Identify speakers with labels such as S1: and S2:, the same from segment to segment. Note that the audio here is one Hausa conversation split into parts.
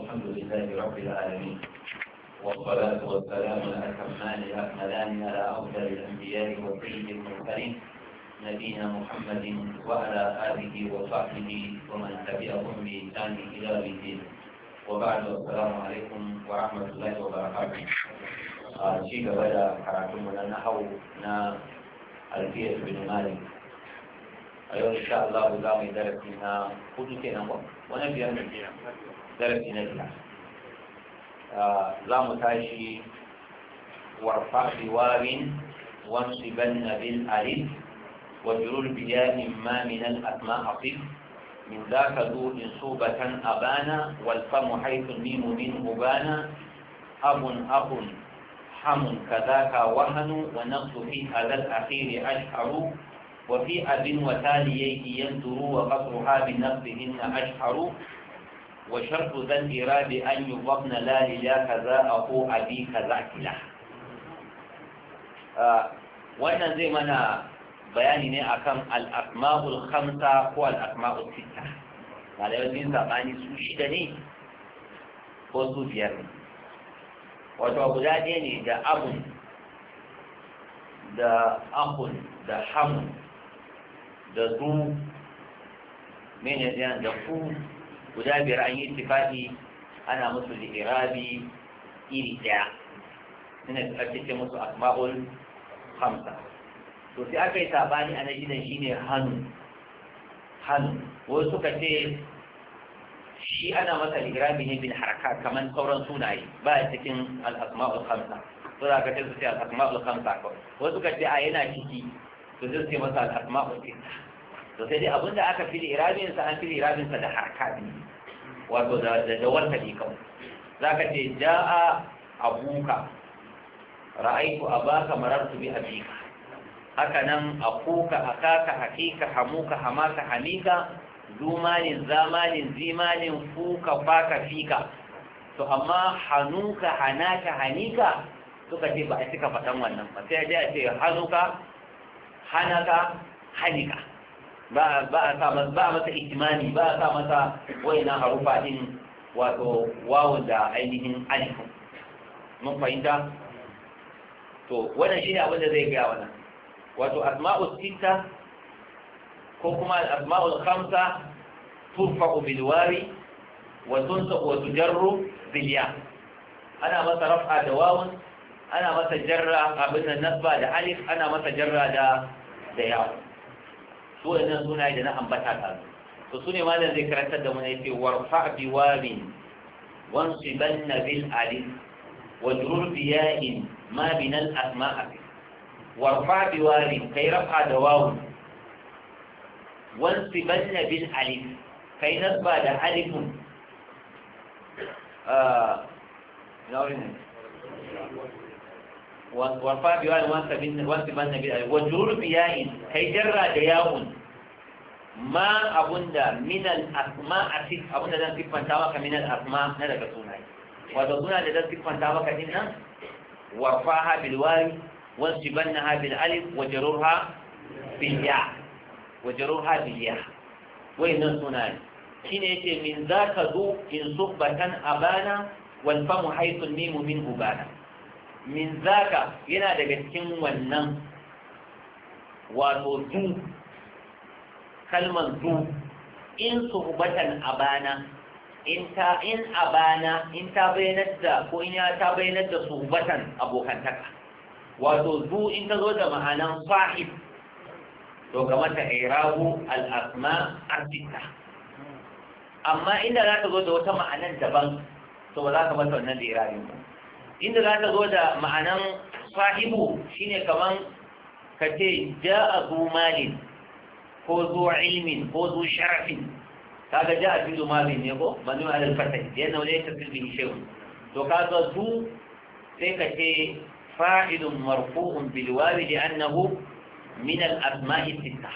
S1: الحمد لله رب العالمين والصلاة والسلام الأكمان الأكملان على أفضل الأنبياء وسيد المرسلين نبينا محمد وعلى آله وصحبه ومن تبعهم بإحسان إلى الدين وبعد السلام عليكم ورحمة الله وبركاته آه، شيء بدأ كراتمنا نحو نا ألفية بن مالك أيوة إن شاء الله لا مدرك منها قلت كنا ونبي أن darasi na ina ah, za وارفع tashi وانصبن بالألف وجرور بياء ما من الأسماء أصف من ذاك ذو إنصوبة أبانا والفم حيث الميم منه بانا أب أخ حم كذاك وهن ونقص في هذا الأخير اشعر وفي أب وتاليه يندر وقصرها بنقصهن اشعر wa sharfu zan bi an yi wabna lalila kaza a ko abi kaza kila ah, wannan zai mana bayani ne akan al'asma'ul khamsa ko al'asma'ul sita malayar sun zaɓani su shida ne ko su biyar ne wato guda ɗaya ne da abun da akun da hamun da zu mene da ku guda biyar an yi ittifaqi ana musu li'irabi iri ɗaya, ina da kace musu asma'ul hamsa to sai aka yi sabani a shi ne hannu hannu wasu suka ce shi ana masa li'irabi ne bin harka kamar sauran sunaye ba cikin al-asma'ul hamsa to da ka ce su ce al-asma'ul hamsa ko wasu suka ce a yana ciki to zai ce masa al-asma'ul to sai dai abin da aka fili irabin sa an fili irabin da harka ne wato da da wanda ne kawai zaka ce jaa abuka ra'aytu abaka marartu bi abika haka nan akuka akaka hakika hamuka hamaka hamika zumanin zamanin zimanin fuka faka fika to amma hanuka hanaka hanika suka ce ba a cika faɗan wannan ba sai a ce a ce hanuka hanaka hanika ba a sa masa ihtimami ba a sa masa waina harufa din wato wawun da ainihin alif mun fahimta to wannan shine abin da zai gaya wannan wato asma'u sitta ko kuma asma'u khamsa Turfa bil wawi wa tunsa wa tujarru bil ana masa raf'a da wawun ana masa jarra abin da nasba da alif ana masa jarra da da yawun su waɗannan sunaye da na ambata ta to su ne malam zai karantar da mu ne ce warfa bi wabin wansiban bil alif wajrur bi ya'in ma min al asma'a warfa bi wabin kai rafa da wawu wansiban bil alif kai nasba da alifun ah warfa bi wani wanta bin wanta ban nabi wa jurur bi ya'in kai jarra da yawun ma abunda min al asma asif abunda zan siffanta maka min al asma na daga sunaye wato suna da zan siffanta maka din nan warfaha bil wawi wansibannaha bil alif wa jarurha bil ya wa jarurha bil ya wayannan sunaye shine yace min ka zo in subbatan abana wal famu haythu al mim minhu bana min zaka yana daga cikin wannan wato 'du' kalmar 'du' in suhbatan abana in ta in abana in ta bayyanar da ko in ya ta bayyanar da suhbatan abokantaka wato 'du' in ta zo da ma'anan sahib to kamar ta irahu al-asma asita amma inda za ka zo da wata ma'anan daban to ba za ka mata wannan da irahu ba inda za ta zo da ma'anan sahibu shine kaman ka ce ja'a zu malin ko zu ilmin ko zu sharafin kaga a fi zu malin ne ko manu alal fasai yana wani ta filbi shehun to kaga zu sai ka ce "Fa'idun marfu'un bil walidi annahu min al asma'i sittah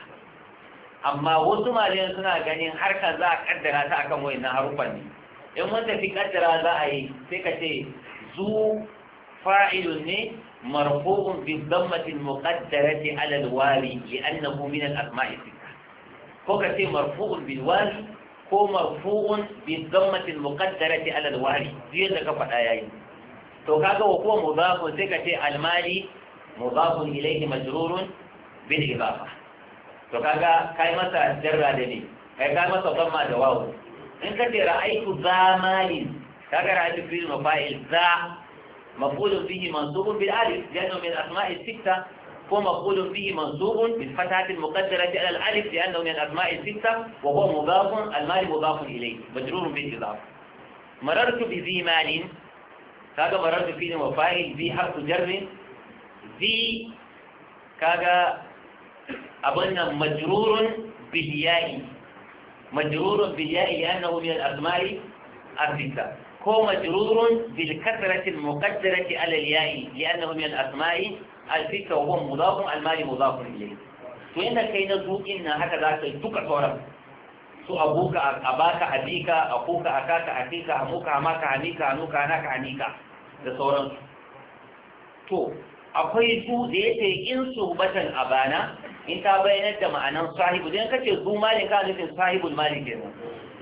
S1: amma wasu malayan suna ganin harkar za a kaddara ta akan wayannan harufan ne in wanda fi kaddara za a yi sai ka ce zu fa'ilun ne marfu'un bi dhammatin muqaddarati ala alwali li'annahu min al-asma'i sittah ko ka ce marfu'un bil wali ko marfu'un bi dhammatin muqaddarati ala alwali zai da ka faɗa yayi to kaga wa huwa mudafun sai ka ce almali mudafun ilayhi majrurun bin ibafa to kaga kai masa jarra da ne kai kai masa dhamma da wawu in ka ce ra'aytu zamalin كاجا رأيت فيه مفاعل ذا مفعول به منصوب بالالف لانه من الاسماء السته هو ومفعول به منصوب بالفتحه المقدره على الالف لانه من الاسماء السته وهو مضاف المال مضاف اليه مجرور بالاضافه مررت بذي مال كاجا مررت فيه مفاعل ذي حرف جر ذي كاجا أبنا مجرور بالياء مجرور بالياء لأنه من الأسماء الستة ko majrurun bil kasrati al muqaddarati ala al ya'i li'annahu min al asma'i al fikr wa huwa mudaf al mali mudaf ilayhi to inda kai na zuƙin nan haka za ka yi duka sauran su abuka Abaka, baka Akuka, bika a Amuka, Amaka, kaka a fika a da sauransu to akwai su da ya ce in su batan a bana in ta bayanar da ma'anan sahibu don kace zu malin ka nufin sahibul malin kenan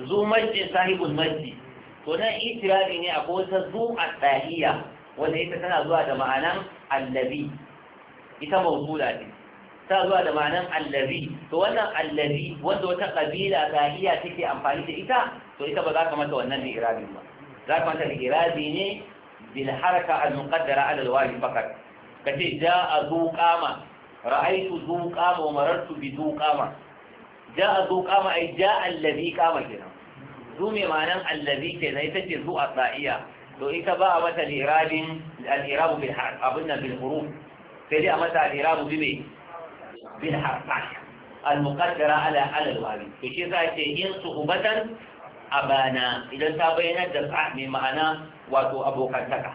S1: zu majdi sahibul majdi to nan itirabi ne akwai wata zu'a tsahiya wanda ita tana zuwa da ma'anan allabi ita mawzula ne ta zuwa da ma'anan allabi to wannan allabi wanda wata kabila tsahiya take amfani da ita to ita ba za ka mata wannan irabi ba za ka mata irabi ne bil haraka al muqaddara ala al wajib fakat kace ja'a zu qama ra'aytu zu qama wa marartu bi zu qama ja'a zu qama ay ja'a allabi qama kenan zu mai ma'anan allazi ke na ita ce zu a tsa'iya, to ita ba a mata lirabin al'irabu bil har abin nan bin huruf sai dai a mata al'irabu bi mai bil harfa al-muqaddara ala alal wabi to shi yasa ce in a abana idan ta bayyana da sa mai ma'ana wato abokantaka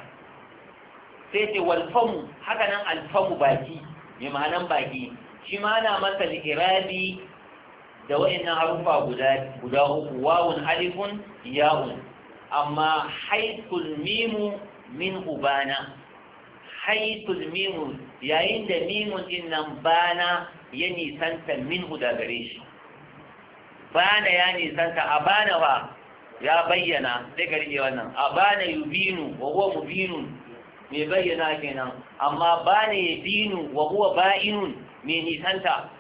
S1: sai ce walfamu haka nan alfamu baki mai ma'anan baki shi ma ana masa lirabi da wa'annan harufa guda guda uku wawun alifun yawun amma haitul mimu min ubana haitul mimu yayin da mimun din nan bana ya nisanta min guda gare shi bana ya nisanta a bana ba ya bayyana sai garge wannan a bana yubinu wa huwa mubinun mai bayyana kenan amma bana yubinu wa huwa ba'inun mai nisanta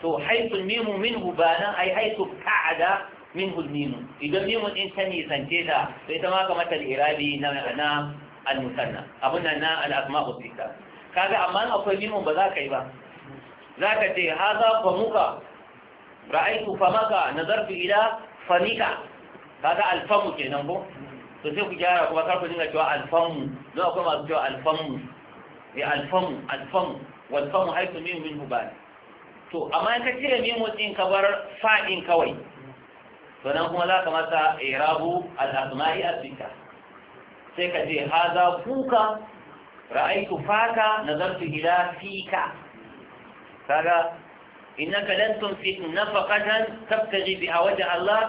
S1: to haisul mimu minhu ba nan ai haisul ka'ada minhu mimu idan mimu din ta nisance ta sai ta ma kamar al-irabi na na al-musanna abun nan na al-asma'u sita kaga amma akwai mimu ba za ka yi ba za ka ce haza famuka ra'aitu famaka nazartu ila famika kaga alfamu kenan ko to sai ku gyara kuma kar ku dinga cewa alfamu don akwai masu cewa alfamu ya eh, alfamu alfamu والفم حيث منه منه بال to amma ka cire mimun din ka bar fa'in kawai to nan kuma za ka masa irabu al-asma'i as-sita sai ka ce haza kuka ra'aitu faka nazartu ila fika kaga innaka lan tunfiq nafaqatan tabtaghi biha wajha Allah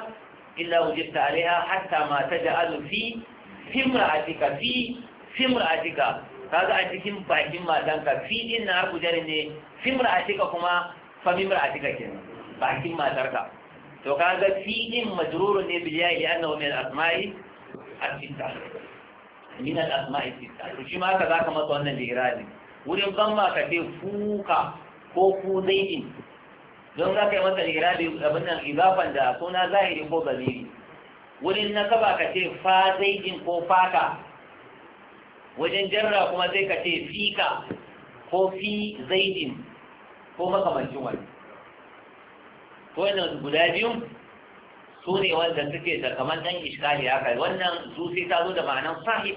S1: illa wajidta 'alayha hatta ma taj'alu fi fimra'atika fi fimra'atika kaga a cikin bakin matanka fi din na harfu jari ne fimra'atika kuma famimar a cika a bakin matarka to kaga fi in majrurun ne bi yayi annahu min asma'i a sittah min al-asma'i as to shi ma ka zaka masa wannan digirali wurin ma ka ce fuka ko ku zaidin don za ka yi masa digirali abin nan idafan da suna zahiri ko zamiri wurin na ba ka ce fa zaidin ko faka wajen jarra kuma sai ka ce fika ko fi zaidin ko makamancin wani Ko yana guda biyu? su ne wanda suke da kamar ɗan iskali haka wannan su sai ta zo da ma'anan sahib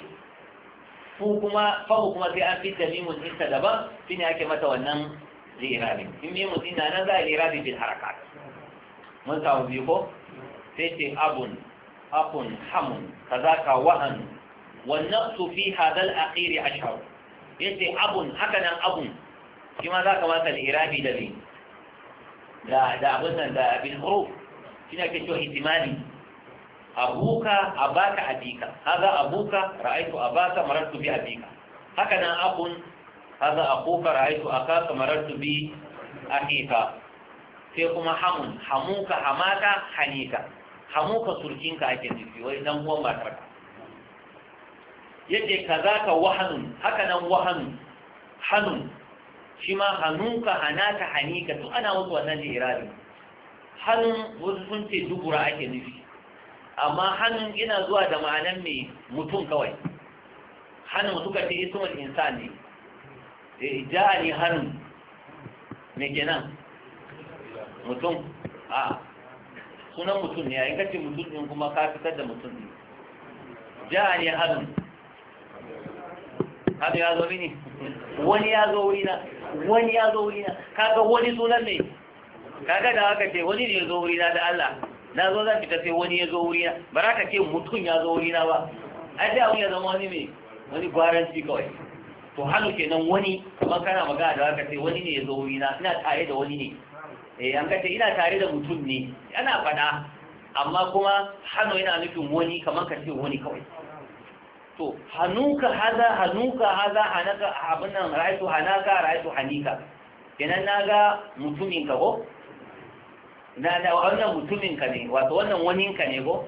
S1: ko kuma fahu kuma sai an fita mimun ɗinta daban shi ne ake mata wannan lirabin in mimun ɗin na nan za a lirabin bin harakat mun samu biyu ko sai ce abun akun hamun kaza ka wa'an wannan su fi hadal akhiri ashar yace abun haka nan abun shi ma za ka masa al'irabi da ne da abin nan da abin huruf shi ne ake cewa itimani abuka abaka abika haza abuka ra'aitu abaka marartu bi abika haka nan akun haza abuka ra'aitu akaka marartu bi akika sai kuma hamun hamuka hamaka hanika hamuka surkinka ake nufi wai dan uwan matarka yace kazaka wahanun haka nan wahanun hanun shi ma hanuka hanaka hanika to ana wasu wannan jirabi hannun wasu sun ce dubura ake nufi amma hannun yana zuwa da ma'anan mai mutum kawai hannun suka ce mai insa ne eh, ja ne hannun me kenan mutum a sunan mutum ne a yi kacin mutum ɗin kuma ka fitar da mutum ne ja ne hannun hannun ya zo mini wani ya zo na wani ya zo wurina kaga wani sunan ne kaga da haka ce wani ne ya zo wurina da Allah na zo zan fita sai wani ya zo wurina ba za ka ce mutum ya zo wurina ba A da wani ya zama wani ne wani gwaranci kawai to halu kenan wani kuma kana magana da haka ce wani ne ya zo wurina ina tare da wani ne eh an kace ina tare da mutum ne ana fada amma kuma hano yana nufin wani kamar ka ce wani kawai to hanuka haza hanuka haza hanaka abin nan ra'aytu hanaka ra'aytu hanika kenan naga mutumin ka ko na da, wannan mutumin ka ne wato wannan wani ka ne ko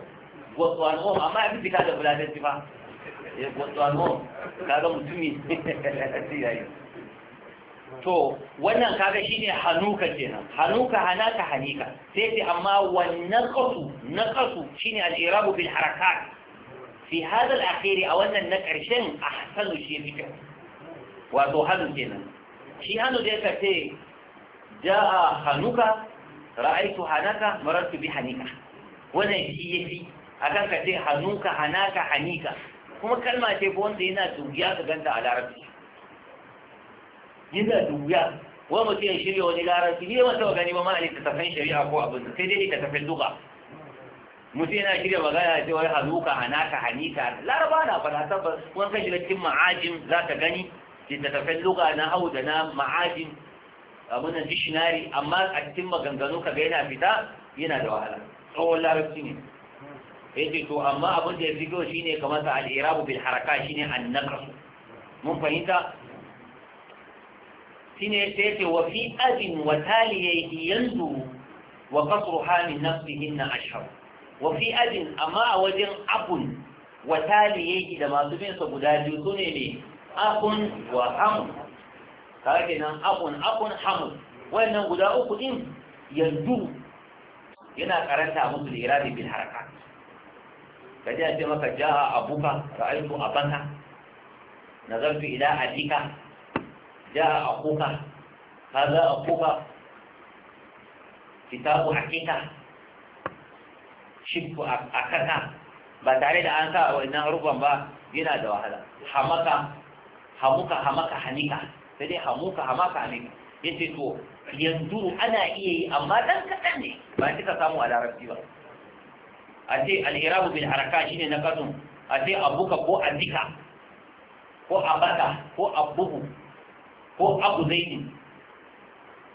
S1: gwatsuwan home amma ya fi da bulatar fa ya eh, gwatsuwan home kaga mutumi yayi to wannan kaga shine hanuka kenan hanuka hanaka hanika sai dai amma wannan qasu naqasu shine al-i'rabu bil harakat fi hada al'akhiri a wannan na ƙarshen a hasanu shi fi kyau wato hannu kenan shi hannu da ka ce da a hannuka ra'aitu hanaka marartu bi hannika wannan shi ya fi a kan ka ce hannuka hannaka hannika kuma kalma ce ba wanda yana dubiya ga ganta a larabci yana dubiya wa mutum ya shirya wani larabci ne wata gani ba ma a littattafan shari'a ko abin sai dai littattafan duka mutum yana shirya magana ce wai hazuka hanaka hanika laraba na fada tabbas kuma kashi da cikin ma'ajin za ka gani tafai, luga na hau da na ma'ajin abin nan dictionary amma a cikin maganganu ka ga yana fita yana da wahala tsawon larabci ne yace to amma abin da ya fi kyau shine kamar sa al-irabu bil haraka shine an mun fahimta shine sai ce wa fi azin wa taliyaihi yanzu wa qasruha min nafsihinna ashhar wa fi abin amma a wajen abun wa taliyai da masu binsa sa guda biyu su ne ne akun wa hamun kare nan akun akun hamun wannan guda uku din yanzu yana karanta musu da irabi bin haraka ka ji a ce maka jaha abuka ra'aytu abaka a ila adika jaha akuka hadha akuka kitabu hakika shimfu a kasa ba tare da an sa wannan rufan ba yana da wahala hamaka hamuka hamaka hanika sai dai hamuka hamaka hanika yace to yanzu ana iya yi amma dan kaɗan ne ba kika samu a larabci ba a ce al'irabu bil haraka shine na kasu a ce abuka ko azika ko abaka ko buhu ko abu zaidin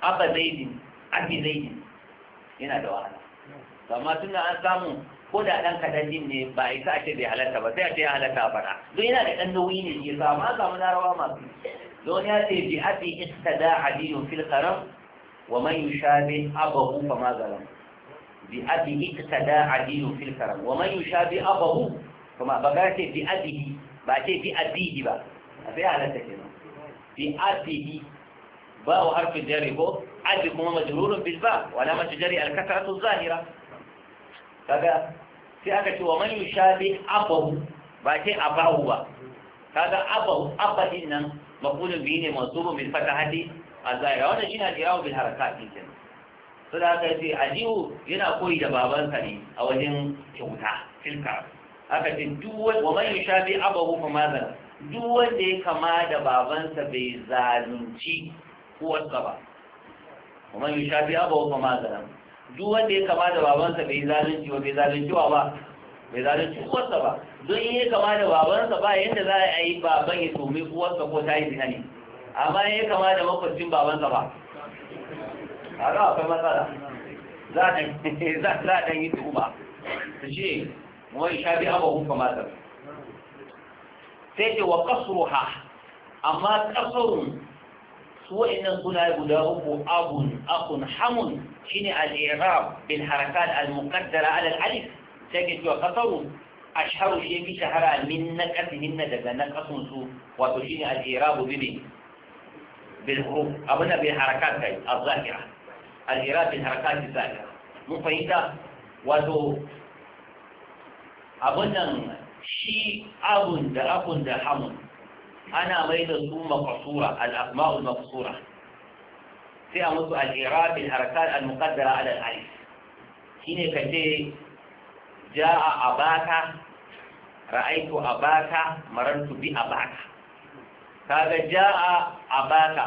S1: aba zaidin abi zaidin yana da wahala amma tunda an samu ko da dan kaɗan din ne ba a isa ce bai halatta ba sai a ce ya halatta a fara don yana da ɗan nauyi ne ya samu an samu larawa masu don ya ce bi haɗi istada adiyun fil karam wa man yushabi abahu fa ma zalam bi haɗi istada adiyun fil karam wa man yushabi abahu kuma ba ga ce bi abihi ba ce bi abihi ba a sai halatta nan bi abihi ba wa harfin jari ko adi kuma majrurun bil ba wala majruri al kasratu zahira kaga sai aka ce wa man yushabi abahu ba ce abahu ba kaga abahu abadin nan mafulu biyu ne mansubun a fatahati azaya wannan shine al-i'rab bil a din su da aka ce ajihu yana koyi da babansa ne a wajen kyauta filka aka ce duk wa man yushabi abahu fa madha duk wanda ya kama da babansa bai zalunci ko wasu ba wa man yushabi abahu fa madha duk wanda ya kama da babansa bai zalunci ba bai zalunci ba bai zalunci uwarsa ba don in ya kama da babansa ba yadda za a yi baban ya tome uwarsa ko ta yi zina ne amma in ya kama da makwacin babansa ba a ga akwai matsala za a ɗan yi tuhuma su ce wani sha biya ba hukun kamata. sai ce wa kasuruha amma kasurun su wa'annan sunaye guda uku abun akun hamun shine al-i'rab bil harakat al-muqaddara ala al-alif sai ke cewa kasaru ashharu shi bi shahara min naqatihin daga naqasun su wato shine al-i'rab bi bil huruf abuna bil harakat kai az-zahira al-i'rab bil harakat az-zahira mun fahimta wato abunan shi abun da akun da hamun ana mai da su maqsura al-asma'ul maqsura sai a musu al-i'rab al-harakat al-muqaddara Shi ne ka ce ja a abaka ra'aytu abaka marantu bi abaka kaga ja'a abaka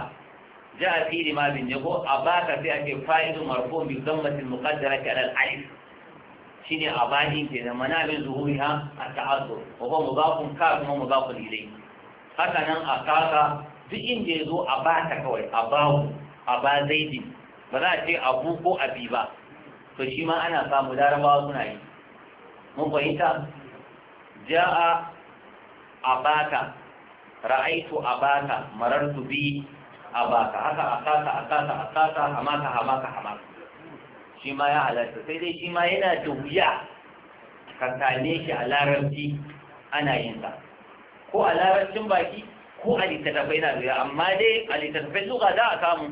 S1: a fi ma bin jago abaka sai ake fa'idu marfu bi dhammati al-muqaddara ala Shi ne shine abani da mana min zuhuriha at-ta'azzur wa huwa mudafun ka kuma mu mudafun ilayhi haka nan a kaka duk inda ya zo a ta kawai a bawu a ba zaidi ba za a ce abu ko abi ba to shi ma ana samu larabawa suna yi mun fahimta ba ta ra'aitu abaka marartu bi ta haka a maka a hamaka hamaka hamaka shi ma ya halatta sai dai shi ma yana da wuya ka same shi a larabci ana yin sa ko a larabcin baki ko a littattafai na zuwa. amma dai a littattafai luga za a samu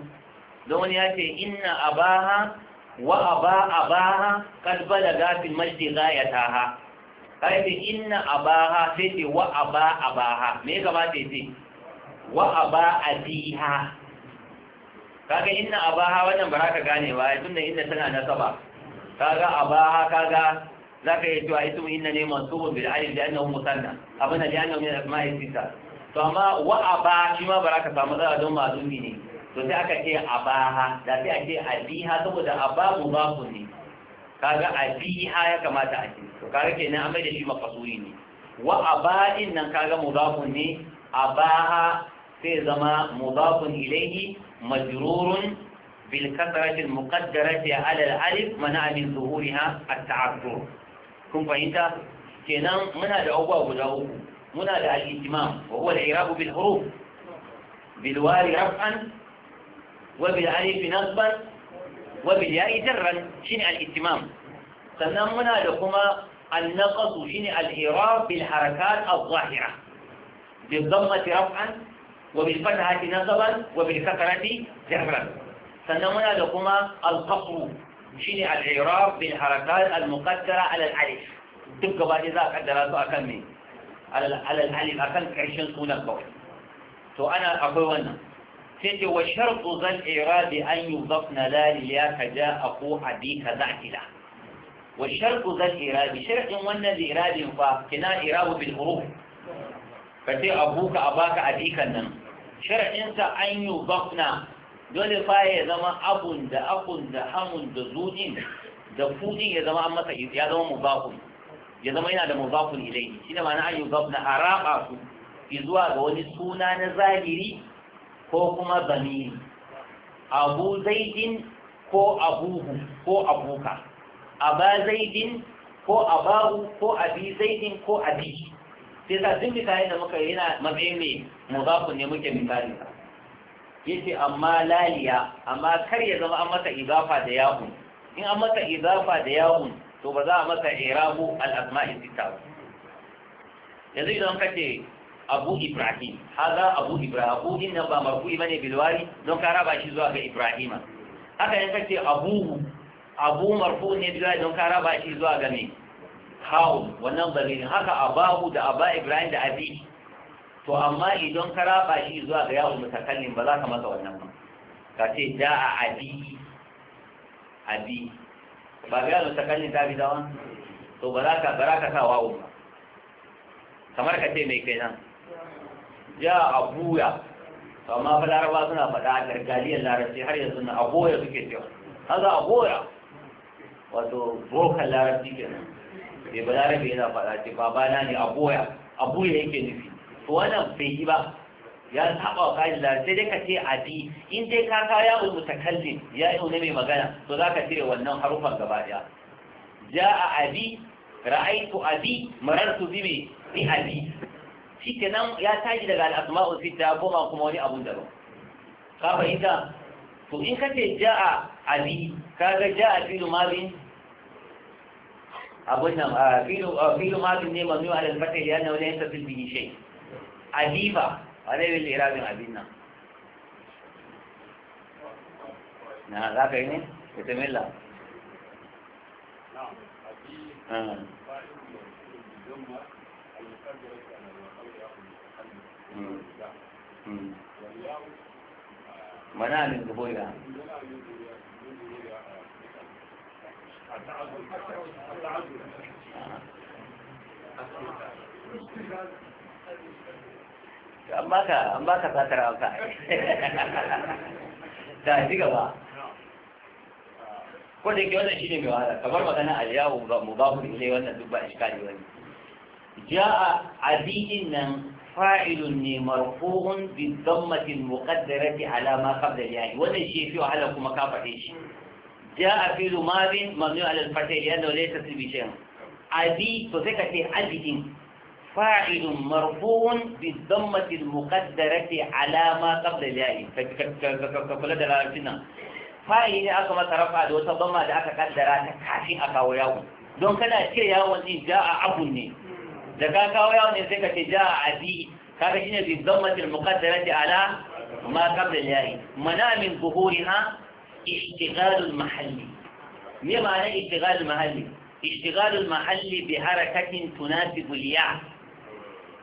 S1: don wani ya ce inna abaha wa a ba aba abaha kad balaga fil majdi ghayataha kai ce inna abaha sai ce wa aba abaha me ya kamata ya ce wa a ba aba abiha kaga inna abaha wannan ba ka gane ba tunda inna tana nasaba kaga abaha kaga za ka yi cewa ismu inna ne mansubun bil alif da annahu musanna abin da annahu min asma'i sita to amma wa a aba shi ma ka samu tsara don mazumi ne to sai aka ce a abaha da sai a ce a abiha saboda a ba aba mudafun ne kaga a abiha ya kamata a ce to kaga kenan an mai da shi makasuri ne wa a ba din nan kaga mu mudafun ne abaha sai zama mu mudafun ilayhi majrurun bil kasrati al muqaddarati ala al alif mana'a min zuhuriha at ta'azzur kun fahimta kenan muna da abubuwa guda uku muna da al-ihtimam wa huwa al-i'rab bil huruf bil wari raf'an wa bil alif nasban wa bil ya'i jarran shine al-ihtimam sannan muna da kuma النقص شنو الإعراب بالحركات الظاهرة بالضمة رفعا وبالفتحة نصبا وبالكسرة جبرا سنمنا لكما القصر shine al-i'rab bil harakat al-muqaddara ala al-alif duk gaba ɗaya za a kaddara su akan me ala al-alif akan karshen sunan kawai to ana akwai wannan sai ce wa shartu zal i'rabi an yudafna la li ya kaja aku hadika za'ila wa shartu zal i'rabi shartin wannan i'rabin fa kina ka nan shar'insa an yudafna dole fa ya zama abun da abun da hamun da zuɗin da fuɗin ya zama an masa ya zama mubakun ya zama yana da mubakun ilai shi da ma'ana an yi na haraba su zuwa ga wani suna na zahiri ko kuma zamiri abu zaidin ko abuhu ko abuka aba zaidin ko abahu ko abi zaidin ko abi sai sa duk misali da muka yana matsayin ne mubakun ne muke misali yace amma laliya amma kar ya zama an masa idafa da yawun in an masa idafa da yawun to ba za a masa irabu al-asma'i sita ba yanzu idan ka ce abu ibrahim haza abu ibrahim abu nan ba marfu'i bane bilwari don ka raba shi zuwa ga ibrahima haka yanka ce abu abu marfu ne bilwari don ka raba shi zuwa ga ne haun wannan dalilin haka abahu da aba ibrahim da abi to amma idan ka raba shi zuwa ga yawon mutakallin ba za ka masa wannan ba ka ce ja a abi abi ba ga yawon mutakallin ta bi dawa to ba za ka ka sa wa ba kamar ka ce mai kai nan ja abuya to amma fa laraba suna faɗa a gargaliyar larabci har yanzu na aboya suke cewa haza aboya wato bokan larabci kenan bai eh, ba larabe yana faɗa ce babana ne aboya abuya yake nufi to wannan bai yi ba ya saba wa ka'ida sai dai ka ce bi in dai ka ka ya ta takallim ya yi ne mai magana to za ka cire wannan harufan gaba daya ja'a abi ra'aitu abi marartu bi bi abi nan ya tashi daga al-asma'u sita koma kuma wani abun da ba. ka fahimta to in ka ce a abi ja ja'a filu mabin abun nan filu filu mabin ne mabni ala al-fatih yana wajen tafsir bi shay alifa wane bil irabin abin nan
S2: na za ka yi ne ita milla ah. hmm. hmm. hmm. mana min a التعذر an baka an baka satar hausa da ji gaba
S1: ko da yake wannan ne mai wahala kamar magana a yawo mubahu ne wannan duk ba iskali wani a abidin nan fa'ilun ne marfu'un bi dhammatin muqaddarati ala ma qabla al-ya'i wannan shi fi wahala kuma ka faɗe Ja a fi'lu madin mabni ala al-fath li'annahu laysa bi shay'in to sai ka ce abidin فاعل مرفوع بالضمة المقدرة على ما قبل الياء فكل دلالتنا فاعل أقوى ترفع دوسة ضمة دعاك قدرة تكافي أقوى ياو دون كنا أشياء ياوان جاء عبني لكا أقوى ياوان يزيك جاء عدي كافيين بالضمة المقدرة على ما قبل الياء من ظهورها اشتغال المحلي ما معنى اشتغال المحلي اشتغال المحل بحركة تناسب الياء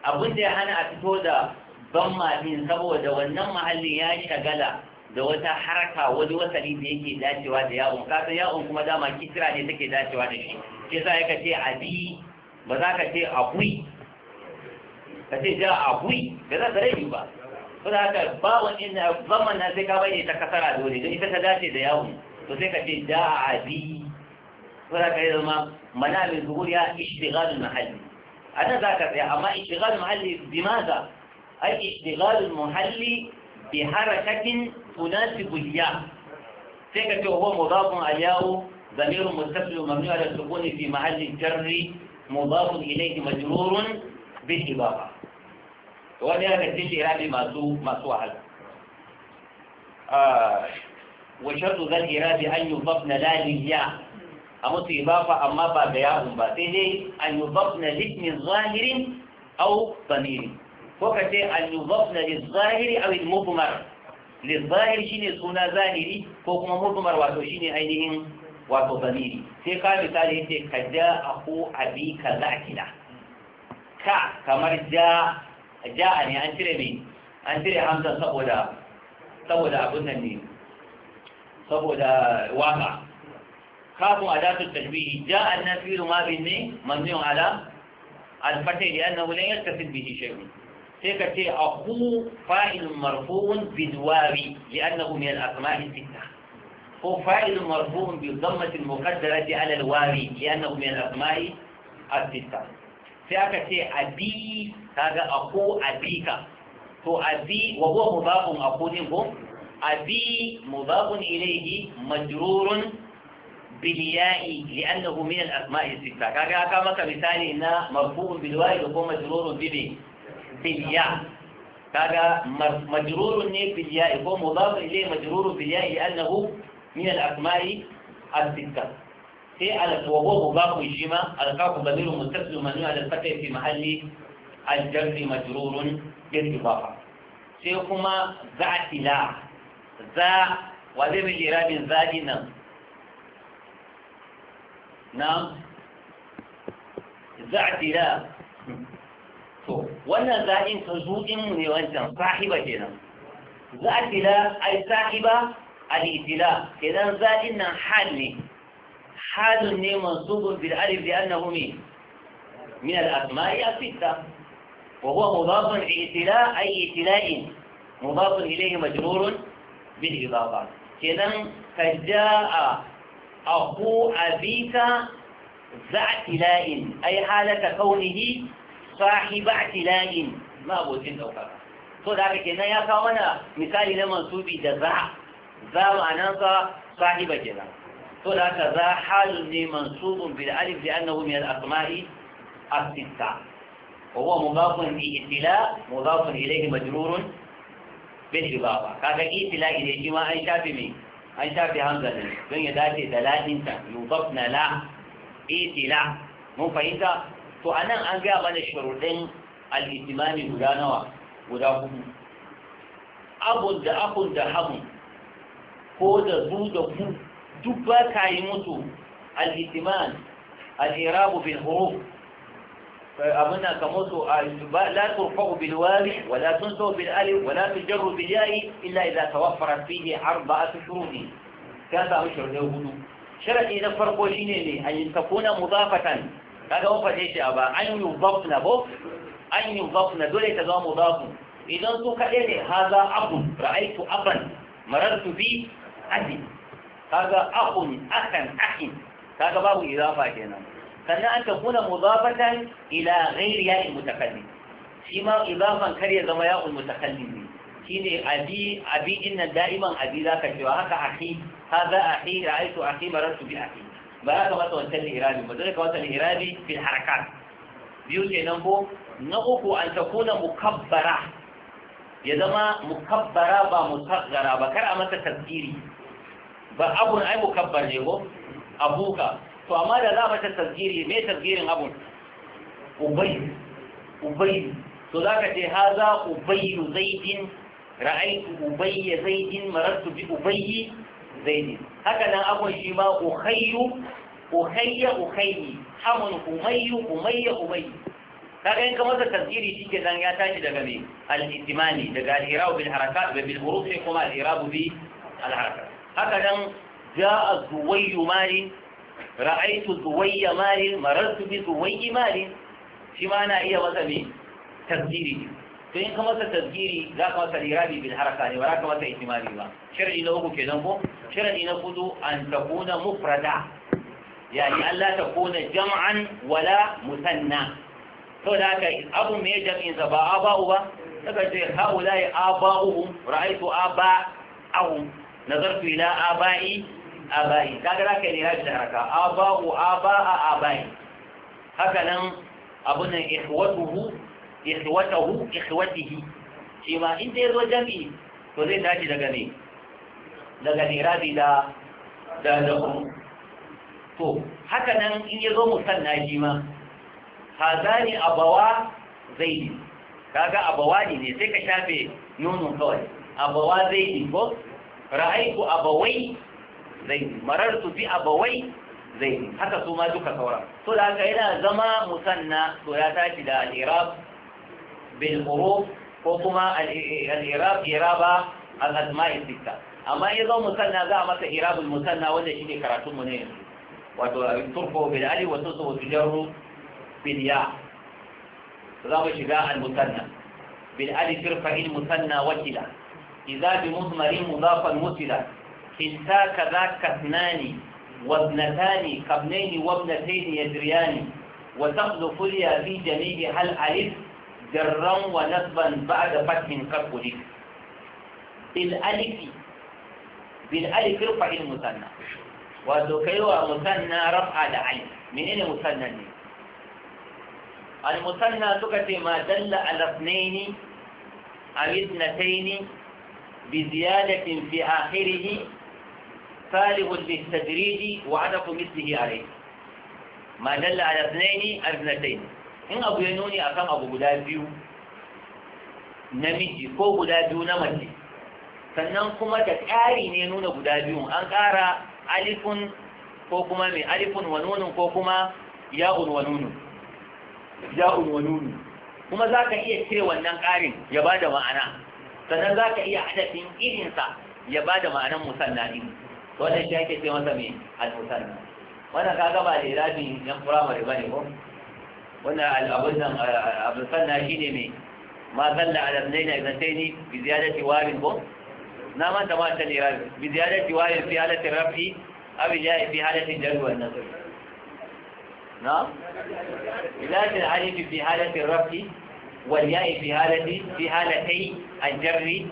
S1: abin da ya hana a fito da ban mamin saboda wannan mahallin ya shagala da wata haraka wani wasali da yake dacewa da yawon kasar yawon kuma dama kisira ne take dacewa da shi ke sa ya ka ce abi ba za ka ce abui ka ce ja abui Ba za ka rai ba ko da haka ba wani zaman na sai ka bai ta kasara dole don ita ta dace da yawon to sai ka ce ja abi ko da ka yi zama mana min zuhuriya gadon mahalli أنا ذاك يا أما اشتغال المحلي بماذا؟ أي اشتغال المحلي بحركة تناسب الياء سيكا هو مضاف الياء ضمير مستقل مبني على السكون في محل الجر مضاف إليه مجرور بالإضافة وأنا ya kasance irabi masu masu wahala wa shartu zal irabi an yudafna la liya a mutu ibafa amma ba da yawon ba sai dai an yi zafna litmin zahirin au samiri ko ka ce an yi zafna zahiri a wani mutumar lizahir shi ne suna zahiri ko kuma mutumar wato shi ne ainihin wato samiri sai ka misali ce ka ja a ko abi ka za za'kida ka kamar ja a ne an cire mai an cire hamza saboda saboda abin nan ne saboda waka كاف أداة التشبيه جاء النفير ما بالني مبني على الفتح لأنه لا يتصل به شيء سيكتي أخو فاعل مرفوع بالواو لأنه من الأسماء الستة هو فاعل مرفوع بالضمة المقدرة على الواو لأنه من الأسماء الستة سيكتي أبي هذا أخو أبيك تو أبي وهو مضاف أخو أبي مضاف إليه مجرور بالياء لأنه من الأسماء الستة كاكا كما مثالي إن مرفوع بالواء يكون مجرور ببي بالياء كاكا مجرور بالياء يكون مضاف إليه مجرور بالياء لأنه من الأسماء الستة في وهو مضاف الجمع القاف ضمير متصل مبني على الفتح في محل الجر مجرور بالإضافة سيكما ذات لا ذا وذي بالإراد ذا na za'tila to wannan za'in ta zuɗin ne wancan sahiba kenan za'tila ai sahiba al-itila kenan za'in nan hal ne halun ne mansubun bil alif li annahu min min al-asma'i as-sitta wa huwa mudafun itila ay itila'in mudafun ilayhi majrurun bil idafa kenan kaja'a أخو أبيك ذا اعتلاء أي حالة كونه صاحب اعتلاء ما أبوتين so da haka kenan ya kawo mana misali na mansubi da za za ma'anansa sahiba kenan so da aka za halun ne mansubun bil alif da annahu min al-asma'i as-sitta wa huwa mudafun bi itila mudafun ilayhi majrurun bil ibaba kaga itila ne shi ma an shafi mai أي شافي همزة دنيا داتي دلات انت يوضفنا لا إيتي لا مو فهمت فأنا أنقى من الشرطين الإتمام دلانوا وداهم أبو دا أخو دا هم هو دا زو دا فو دوبا كايموتو الإتمام الإراب في الهروب فأبنا كموسو آه، لا ترفع بالواو ولا تنسو بالألف ولا تجر بالياء إلا إذا توفرت فيه أربعة شروط كذا أشر نقول شرط إذا فرق أن تكون مضافة هذا هو فتيش أبا أن يضافنا بوف أن يضافنا دولة تزوى مضاف إذا أنتو كأني هذا أب رأيت أبا مررت به أدي هذا أخ أخا أخي هذا باب إضافة كنا sannan an takuna mudafatan ila ghairi ya'il mutakallim shi ma idafan kar ya zama ya'ul mutakallim ne Shi shine abi abi inna da'iman abi zaka cewa haka akhi hadha akhi ra'aytu akhi marartu bi akhi ba ka mata wancan lihirabi ba dole ka wata lihirabi? fil harakat biyu nan ko na uku an takuna mukabbara ya zama mukabbara ba musaghara ba kar a masa tasiri ba abun ai mukabbar ne ko abuka to amma da za a mata tasgiri me tasgirin abun ubayy ubayy to za ka ce haza ubayy zaidin ra'aytu ubayy zaidin marattu bi ubayy zaidin haka nan abun shi ma ukhayyu ukhayya ukhayyi hamun umayyu umayya umayyi kaga in kamar da tasiri shi ke nan ya tashi daga mai al-istimani daga al-irabu bil harakat wa bil huruf kuma al-irabu bi al-harakat haka nan ja'a zuwayyu mali ra'aitu zuwayya mali marartu bi zuwayyi mali shi ma na iya masa ne tasgiri to in ka masa tasgiri za ka masa lirabi bil haraka ne ba za ka masa ihtimali ba sharadi na uku kenan ko sharadi na kudu an takuna mufrada yani Allah ta kuna jam'an wala musanna to da haka abu me jam'in sa ba aba'u ba daga ce haula ya aba'uhum ra'aitu aba'ahum nazartu ila aba'i abayi kagara za ka yi niraji da haraka aba'u aba'a abayi haka nan abunan ihwatuhu ihwatahu ihwatihi shi ma in dai zo jami to zai tashi daga ne daga niraji da da da to haka nan in ya zo musanna shi ma hazani abawa zaidi kaga abawa ne sai ka shafe nunun kawai abawa zaidi ko ra'aitu abawai zai marartu bi abawai zai haka su ma duka sauran so da haka yana zama musanna to ya tashi da al-irab bil huruf ko kuma al-irab iraba al-asma'i sitta amma in zo musanna za a masa irabul musanna wanda shine karatun mu ne yanzu wato turko bil ali wa tusu tujarru bil ya za mu shiga al-musanna bil ali firfa il musanna wakila idza bi mudmarin mudafan mutila انتا كذاك اثنان وابنتان كابنين وابنتين يدريان وتخلف اليا في جميعها الالف جرا ونصبا بعد فتح كالقلب بالالف بالالف رفع المثنى وذكيوا مثنى رفع من منين مثنى دي المثنى سكت ما دل على اثنين او اثنتين بزيادة في آخره صالح للتدريج وعدف مثله عليه ما دل على اثنين اثنتين in abu ya nuni akan abu guda biyu namiji ko guda biyu na mace sannan kuma da ƙari ne nuna guda biyun an ƙara alifun ko kuma mai alifun wa nunun ko kuma ya'un wa nunun ya'un wa kuma za ka iya cire wannan ƙarin ya ba da ma'ana sannan za ka iya hadafin irinsa ya ba da ma'anan musanna ɗin wannan shi ake ce masa mai al-musanna wannan ka gaba da irabi yan firamare ba ne ko wannan al'abun nan abin sanna shi ne mai ma zalla ala zaina idan sai ni bi ziyadati warin ko na manta ma ta lira bi ziyadati warin fi halati rafi aw ya fi halati jarri wa na ilati alif fi halati rafi wal fi halati fi halatai al-jarri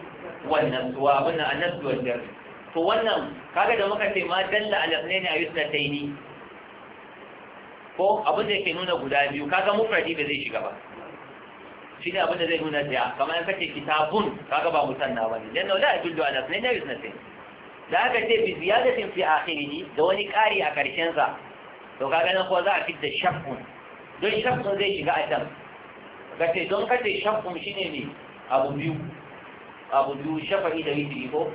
S1: wa nasr wa abun an-nasr jarri to wannan kaga da muka ce ma dalla alafnai ne a yusna taini ko abin da yake nuna guda biyu kaga mufradi da zai shiga ba shi ne abin da zai nuna daya kamar yanka ce kitabun kaga ba musanna ba ne janna la yadullu ala ne a yusna yi? da aka ce bi ziyadatin fi akhirihi da wani ƙari a ƙarshen sa to kaga nan ko za a fitta shakkun don shakkun zai shiga a can ka ce don kace shakkun shine ne abu biyu abu biyu shafa'i da yi ko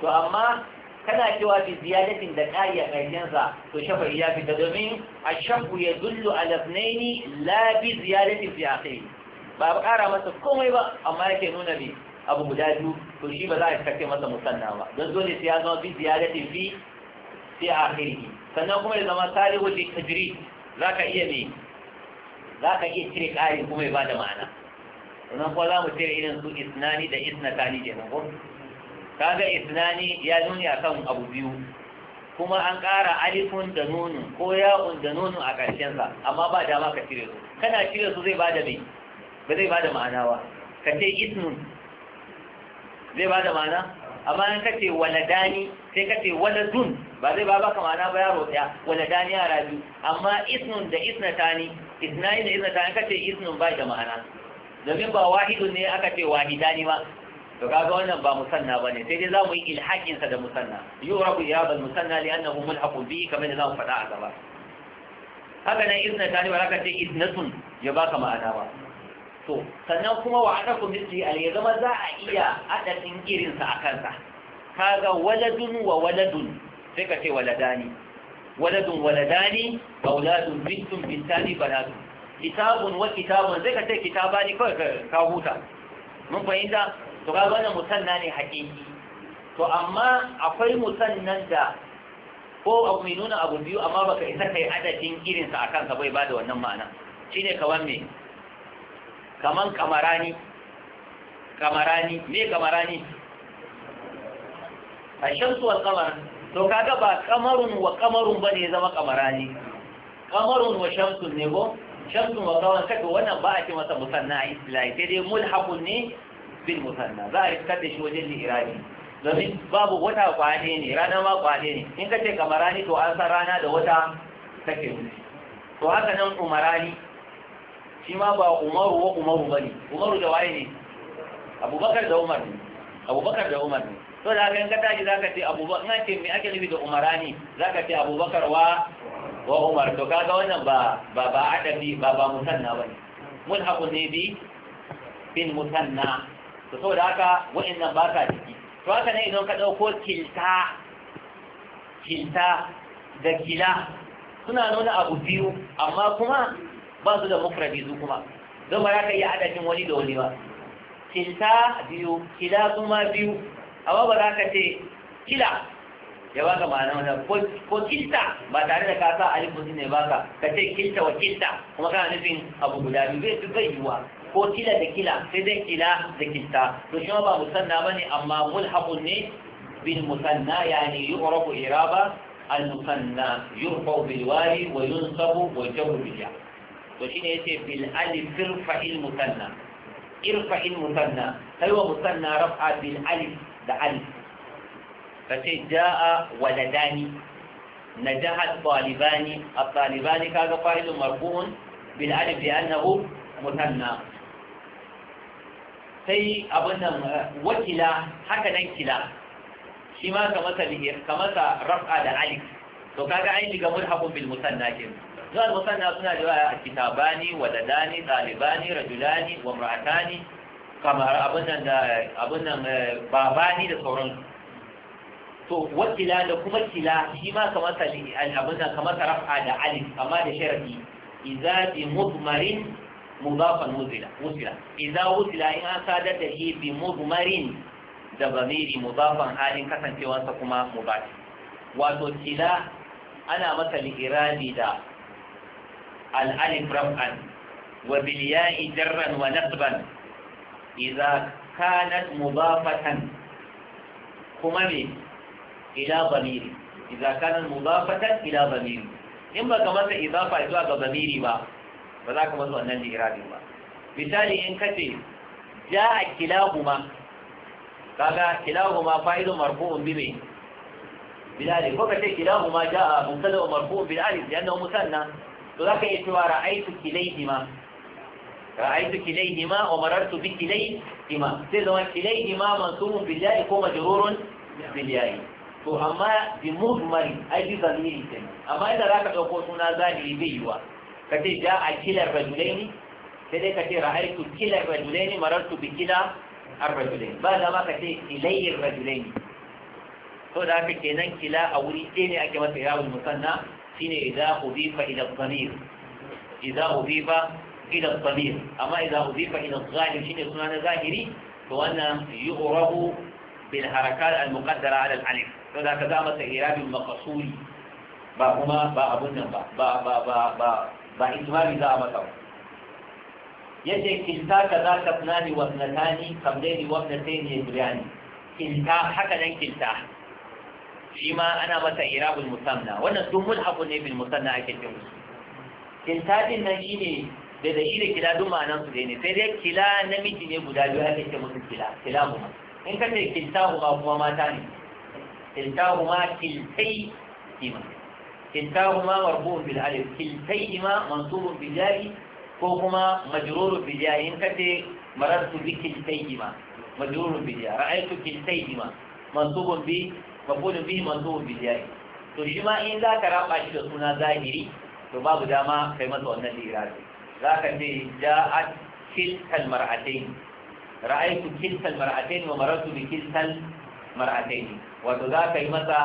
S1: to amma kana cewa bi ziyadatin da kari a ƙarshensa to shafa ya fita domin a shafu ya zullu a lafnaini la bi ziyadatin fi akai ba a ƙara masa komai ba amma yake nuna bi abu guda biyu to shi ba za a kake masa musanna ba don dole sai ya zama bi ziyadatin fi fi kai. sannan kuma ya zama salihu li za ka iya za ka iya cire ƙari kuma ya bada ma'ana sannan kuma za mu cire irin su isnani da isnatani kenan ko kaga isnani ya nuni kan abu biyu kuma an ƙara alifun da nunu ko ya'un da nunu a ƙarshensa amma ba dama ka cire su kana cire su zai ba da mai ba zai ba da ma'ana ba ka ce isnun zai ba da ma'ana amma in ka ce waladani sai ka ce waladun ba zai ba baka ma'ana ba yaro ɗaya waladani yara biyu amma isnun da isnatani isnani da isnatani ka ce isnun ba da ma'ana domin ba wahidun ne aka ce wahidani ba to kaga wannan ba musanna bane sai dai zamu yi ilhaqin sa da musanna yurabu irabal musanna li'annahu mulhaqun bi kamar da zamu faɗa a gaba haka nan izna tani baraka ce iznatun ya baka ma'ana ba to sannan kuma wa adaku misli al ya zama za a iya adadin irin sa akan sa kaga waladun wa waladun sai ka ce waladani waladun waladani auladun bintun bintani banatun kitabun wa kitabun sai ka ce kitaba ne kawai ka huta mun fahimta to ga wannan musanna ne haƙiƙi to amma akwai musannan da ko abu mai nuna abu biyu amma baka isa kai adadin irinsa a kansa bai bada wannan ma'ana shine kawan me kaman kamarani kamarani me kamarani a shamsu wal kamar to kaga ba kamarun wa kamarun bane ya zama kamarani kamarun wa shamsun ne ko shamsun wa kamar kaga wannan ba a ce masa musanna a islahi sai dai mulhaqun ne Bin musanna za a riskar da shi wajen li'irabi domin babu wata kwane ne rana ma kwane ne in ka ce kamarani to an san rana da wata take wuce to haka nan umarani shi ma ba umaru wa umaru ba ne umaru da waye ne abubakar da umar ne abubakar da umar ne to da haka in ka tashi za ka ce abubakar in ce me ake nufi da umarani za ka ce abubakar wa wa umar to kaga wannan ba ba ba adabi ba ba musanna ba ne mulhaqun ne bi bin musanna to saboda haka wa'annan ba ka ciki to haka ne idan ka ɗauko kilta kilta da kila suna nuna abu biyu amma kuma ba su da mufradi su kuma don ba za ka iya adadin wani da wani ba kilta biyu kila kuma biyu amma ba za ka ce kila ya baka ma'ana wani ko kilta ba tare da kasa alifun ne baka ka ce kilta wa kilta kuma kana nufin abu guda biyu zai fi yiwuwa فوتيلا دكيلا فدكيلا دكيلتا لشما با مسنى بني أما ملحق ني بالمسنى يعني يعرف إرابة المسنى يرفع بالواري وينصب وجه بجا وشين يتي بالألف ارفع المسنى ارفع المسنى هو مسنى رفع بالألف دعلي فتي جاء ولداني نجح الطالبان الطالبان كذا فاعل مرفوع بالألف لأنه مثنى sai abin nan eh, wakila haka nan kila shi ma ka masa lihir ka masa raf'a da alif to kaga ainihi liga mulhaqun bil musanna kin zuwa musanna suna da waya kitabani waladani talibani rajulani wa imra'atani kamar abin da abin eh, babani da sauran to wakila da kuma kila shi ma ka masa abin nan ka masa raf'a da alif amma da sharadi idza bi mudmarin mudafan wuzila wuzila idza wuzila in an sadar da shi bi mudmarin da bamiri mudafan halin kasancewarsa kuma mudafin wato tila ana masa li'irabi da al'alif raf'an wa biliya'i jarran wa nasban idza kanat mudafatan kuma me ila bamiri idza kanat mudafatan ila bamiri in ba ka masa idafa zuwa ga bamiri ba ba za ka masu wannan li'irabi ba misali in ka ce ja a kilahuma kaga kilahuma fa'idun marfu'un bi mai bilali ko ka ce kilahuma ja a mubtada marfu'un bil alif lianna musanna to za ka iya cewa ra'aitu kilai kilayhima ra'aitu kilayhima wa marartu bi kilai kilayhima sai zama kilayhima mansubun bil ya'i ko majrurun bil ya'i to amma bi mujmali aiki bi zamiri kenan amma idan za ka ɗauko suna zahiri bai yiwa كتي جاء كلا الرجلين كده كتي رأيت كلا الرجلين مررت بكلا الرجلين بعد ما كتي إلي الرجلين هو ده في كنان كلا أولي تاني أكما تقرأ المثنى فين إذا أضيف إلى الضمير إذا أضيف إلى الضمير أما إذا أضيف إلى الظاهر شين يكون أنا ظاهري هو أن يغرب بالحركات المقدرة على الألف هو ده كذا ما تقرأ المقصوري بابهما بابنا با با با با ba itmami za a maka ba yace kinta ka za ka tunani wa natani kamdaini wa natani yajriyani kinta haka nan kinta shi ma ana masa irabul musanna wannan duk mulhafu ne bil musanna ake cin musu. kinta din nan shine da da shi da kila duk ma'anan su ne sai dai kila namiji ne guda biyu ake cin musu kila kila kuma in ka ce kinta kuma kuma mata ne kinta kuma kiltai kima كلتاهما مرفوع بالالف كلتيهما منصوب بالجاء فوقما مجرور بالجاء ان كنت مررت بكلتيهما مجرور بالجاء رايت كلتيهما منصوب ب مفعول به منصوب بالجاء to shi in za ka raba shi da suna zahiri to babu dama kai masa wannan lirazi za ka ce ja'at kiltal mar'atain ra'aytu kiltal mar'atain bi wato za ka yi masa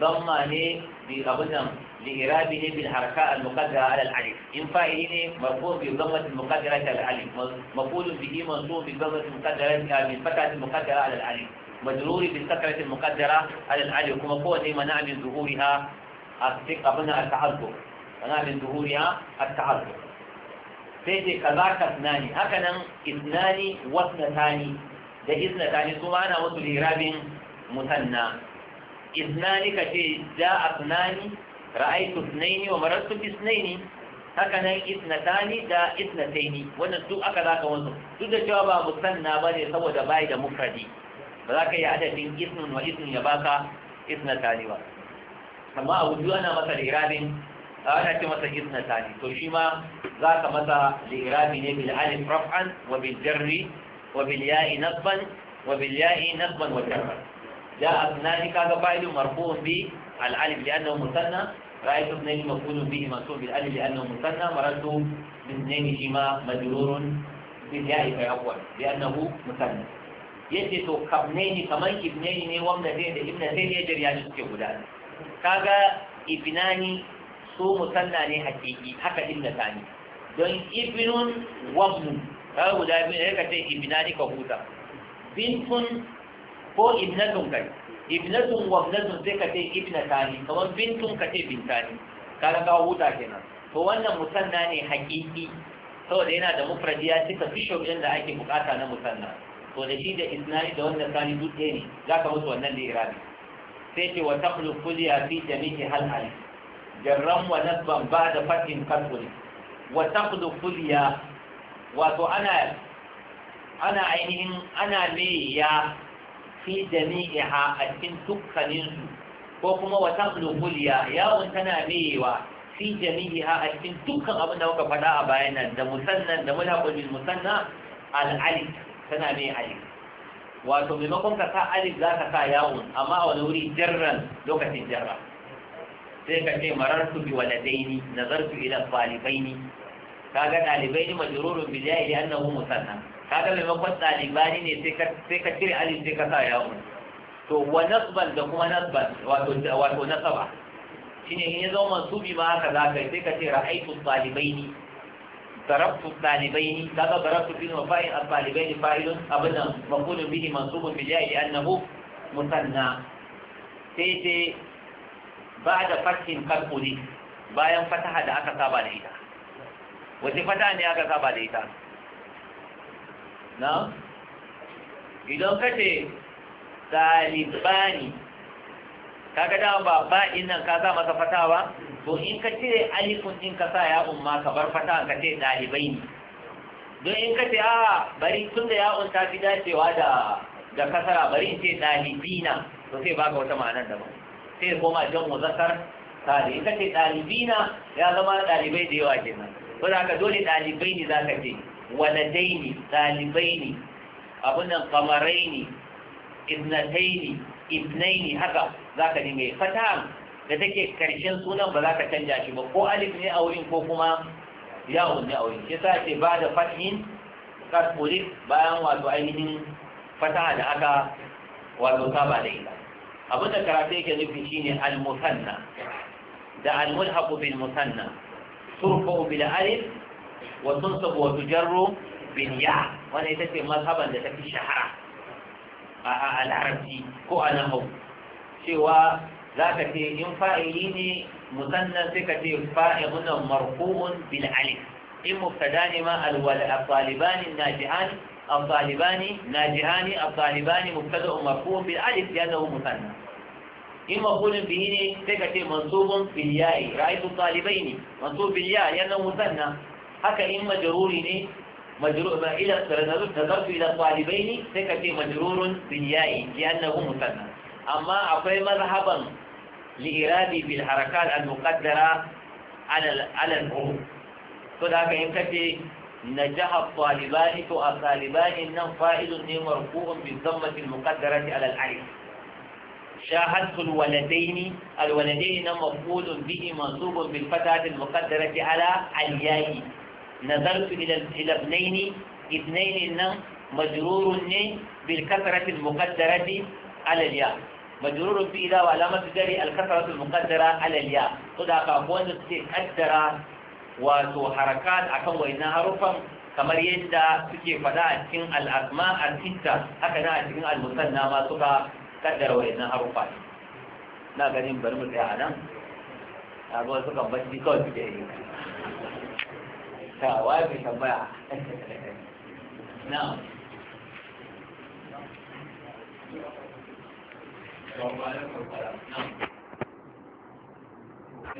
S1: damma ne بأبنى لإرابه بالحركاء المقدرة على الألف إن فاعله مرفوع بالضمة المقدرة على الألف مفعول به منصوب بالضمة المقدرة من فتحة المقدرة على الألف مجرور بالسكرة المقدرة على الألف كما قوة منع من ظهورها أبنى التعذر منع من ظهورها التعذر سيدي كذاك اثنان هكذا اثنان واثنتان ده اثنتان ثم أنا وصل إراب مثنى iznani ka ce a asnani ra'aytu isnaini wa marartu bi isnaini haka nan isnatani da isnataini wannan duk aka zaka wanzu duk da cewa ba ba ne saboda bai da mufradi ba za ka yi adadin isnun wa isnun ya baka isnatani ba amma a wuju ana masa lirabin ana ce masa isnatani to shi ma za ka masa lirabi ne bil alif raf'an wa bil jarri wa bil ya'i nasban wa bil ya'i nasban wa jarra جاء أثنان كذا فاعل مرفوع به الألف لأنه مثنى رأيت اثنين مفعول به منصوب بالألف لأنه مثنى مررت باثنين شما مجرور بالياء فيعول لأنه مثنى yace to kabnaini kaman ibnaini ne wanda zai da ibna sai ne jariya shi suke guda kaga ibnani su musanna ne hakiki haka ibna tani don ibnun wabnun kaga guda biyu ne kace ibnani ka huta bintun ko ibnatun kai ibnatun wa ibnatun sai ka ce ibnatani kamar bintun ka ce bintani kaga ka huta kenan to wannan musanna ne haƙiƙi saboda yana da mufradi ya cika fi ɗin da ake bukata na musanna to da shi da isnani da wannan sani duk ɗaya ne za ka musu wannan irabi sai ce wa taqlu kulliya fi jami'i hal alif jarran wa nasban da fatin kasri wa taqlu kulliya wato ana ana ainihin ana me ya fi jami'iha a cikin dukkaninsu ko kuma wa tablugul ya yawon tana meyewa fi jami'iha a cikin dukkan abin da muka faɗa a bayan nan da musannan da mulaqul musanna al tana mai alif wato maimakon ka sa alif za ka sa yawon amma a wani wuri jarran lokacin jarra sai ka ce marartu bi nazar su waladaini nazartu ila talibaini kaga talibaini majrurun bi jahi annahu musanna kaga mai makwas ɗalibani ne sai ka cire alif sai ka sa ya wuni to wa nasban da kuma nasban wato nasaba shi ne in ya zama mansubi ma haka za ka sai ka ce ra'aitu ɗalibai ni zarabtu ɗalibai ni kaga zarabtu fi ma fa'in a ɗalibai ni fa'ilun abin da makulun bihi mansubun bi jai'i annahu musanna sai ce ba da fatin karkuri bayan fataha da aka saba da ita wace fataha ne aka saba da ita na idan ka ce ɗalibani kaga dama ba in nan ka sa masa fata ba to in ka cire alifun din ka sa ya umma ka bar fata ka ce ɗalibai ne don in ka ce a bari tun da ya'un ta fi dacewa da da kasara bari ce ɗalibina to sai baka wata ma'anar daban sai koma jan muzakkar tare in ka ce ɗalibina ya zama ɗalibai da yawa kenan ko da haka dole ɗalibai ne za ka ce waladaini ɗalibaini abunan kamaraini ibnataini ibnaini haka za ka ji mai fata da take karshen sunan ba za ka canja shi ba ko alif ne a wurin ko kuma yawon ne a wurin shi sa ce ba da fatihin kaskulik bayan wato ainihin fata da aka wato saba da ita abin da karatu yake nufi shine al-musanna da al bin bil musanna turfa bil alif wa tunsabu wa jarro? bin wani ita ce mazhaban da ta fi shahara a larabci ko a hau. cewa za ka ce in fa'ili ne musannan sai ka ce fa'ilunan marfu'un bil alif in mubtada ne ma alwal al-talibani jihani al-talibani jihani al-talibani mubtada marfu'un bil alif ya zama musannan in maqulun bihi ne sai ka ce mansubun bil ya'i ra'aytu talibaini ne, bil ya'i ya zama musannan haka in Majaruri ne majrur ma ila nazartu ila talibaini sai ka ce majrurun bil ya'i li'annahu musanna amma akwai mazhaban li'irabi bil harakat al muqaddara ala ala al huruf to da haka in ka ce نجح الطالبان فالطالبان إنهم فائد مرفوع بالضمة المقدرة على العين شاهدت الولدين الولدين مفعول به منصوب بالفتحة المقدرة على الياء nazartu ila ibnaini ibnaini nan majrurun ne bil kasrati al muqaddarati ala al ya majrurun fi wa alamatu jari al kasrati al muqaddara ala al ya to da ka suke kaddara wato harakat akan wayannan harufan kamar yadda suke faɗa a cikin al'azma al haka na a cikin al-musanna ma suka kaddara wayannan na bari mu kawai ta waye tambaya
S2: na'am Thank you.